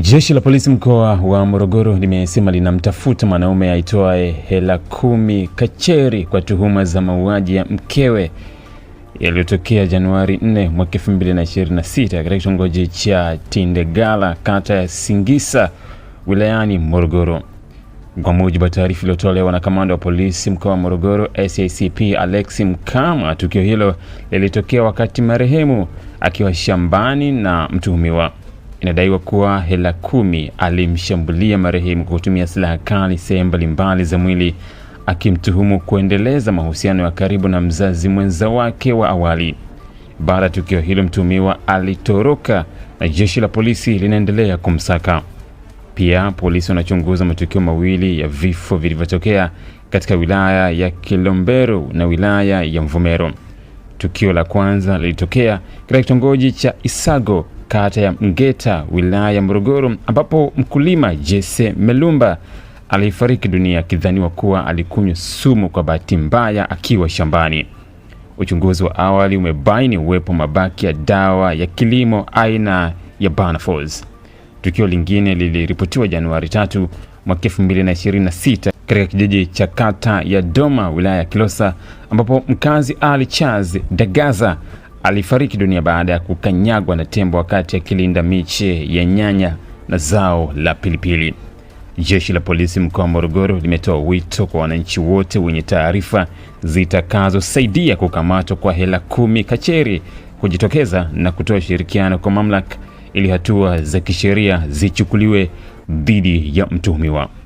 Jeshi la polisi mkoa wa Morogoro limesema linamtafuta mwanaume aitwaye Hela Kumi Kacheri kwa tuhuma za mauaji ya mkewe yaliyotokea Januari 4 mwaka 2026 katika kitongoji cha Tindegala kata ya Singisa wilayani Morogoro. Kwa mujibu wa taarifa iliyotolewa na kamanda wa polisi mkoa wa Morogoro SACP Alex Mkama, tukio hilo lilitokea wakati marehemu akiwa shambani na mtuhumiwa Inadaiwa kuwa Hela Kumi alimshambulia marehemu kwa kutumia silaha kali sehemu mbalimbali za mwili, akimtuhumu kuendeleza mahusiano ya karibu na mzazi mwenza wake wa awali. Baada ya tukio hilo, mtuhumiwa alitoroka na jeshi la polisi linaendelea kumsaka. Pia polisi wanachunguza matukio mawili ya vifo vilivyotokea katika wilaya ya Kilombero na wilaya ya Mvomero. Tukio la kwanza lilitokea katika kitongoji cha Isago kata ya Mgeta wilaya ya Morogoro ambapo mkulima Jesse Melumba alifariki dunia akidhaniwa kuwa alikunywa sumu kwa bahati mbaya akiwa shambani. Uchunguzi wa awali umebaini uwepo mabaki ya dawa ya kilimo aina ya Banafos. Tukio lingine liliripotiwa Januari 3 mwaka 2026 katika kijiji cha kata ya Doma wilaya ya Kilosa ambapo mkazi Ali Charles Dagaza alifariki dunia baada ya kukanyagwa na tembo wakati akilinda miche ya nyanya na zao la pilipili. Jeshi la polisi mkoa wa Morogoro limetoa wito kwa wananchi wote wenye taarifa zitakazosaidia kukamatwa kwa hela kumi kacheri kujitokeza na kutoa ushirikiano kwa mamlaka ili hatua za kisheria zichukuliwe dhidi ya mtuhumiwa.